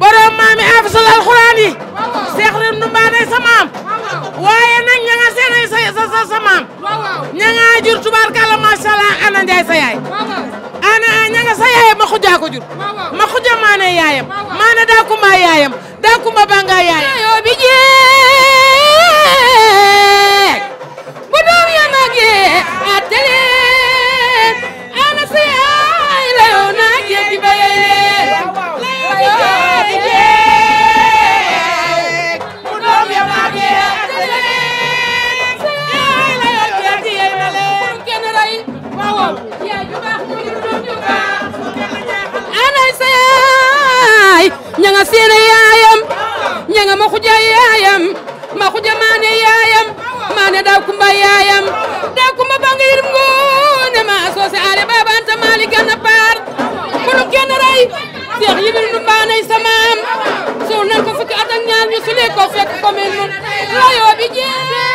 borom maami afisal alxuraan yi seex rim nu mbaanay waaye nag ña nga sa sa sa maam ña nga jur tubaarkàlla macha allah ana sa yaay ana ña nga sa yaayam ma xujaa ko jur maane yaayam maane daa kumba yaayam daa kumba ña nga seena yaayam ña ma xuja yaayam ma xuja maane yaayam maane daaw kumba yaayam daaw kumba ba nga yërëm ngoone ma soose ale baaba anta maali ganna paar ku nu kenn seex yibiri nu mbaanay samaam suul nañ ko fukki at ñaar ñu sulee fekk ko mel nun rayoo bi jeex